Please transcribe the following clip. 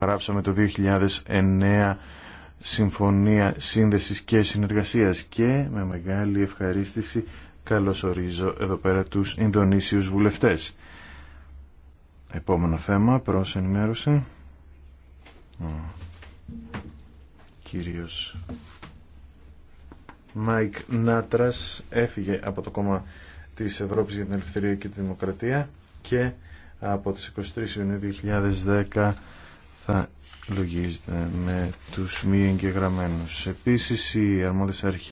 γράψαμε το 2009 Συμφωνία Σύνδεσης και Συνεργασίας και με μεγάλη ευχαρίστηση καλωσορίζω εδώ πέρα τους Ινδονήσιους βουλευτές. Επόμενο θέμα, προς ενημέρωση. Ο κύριος Μάικ Νάτρας έφυγε από το κόμμα της Ευρώπης για την Ελευθερία και τη Δημοκρατία και από τις 23 Ιουνίου 2010 θα λογίζεται με τους μη εγγεγραμμένους. Επίσης, οι αρμόδιες αρχές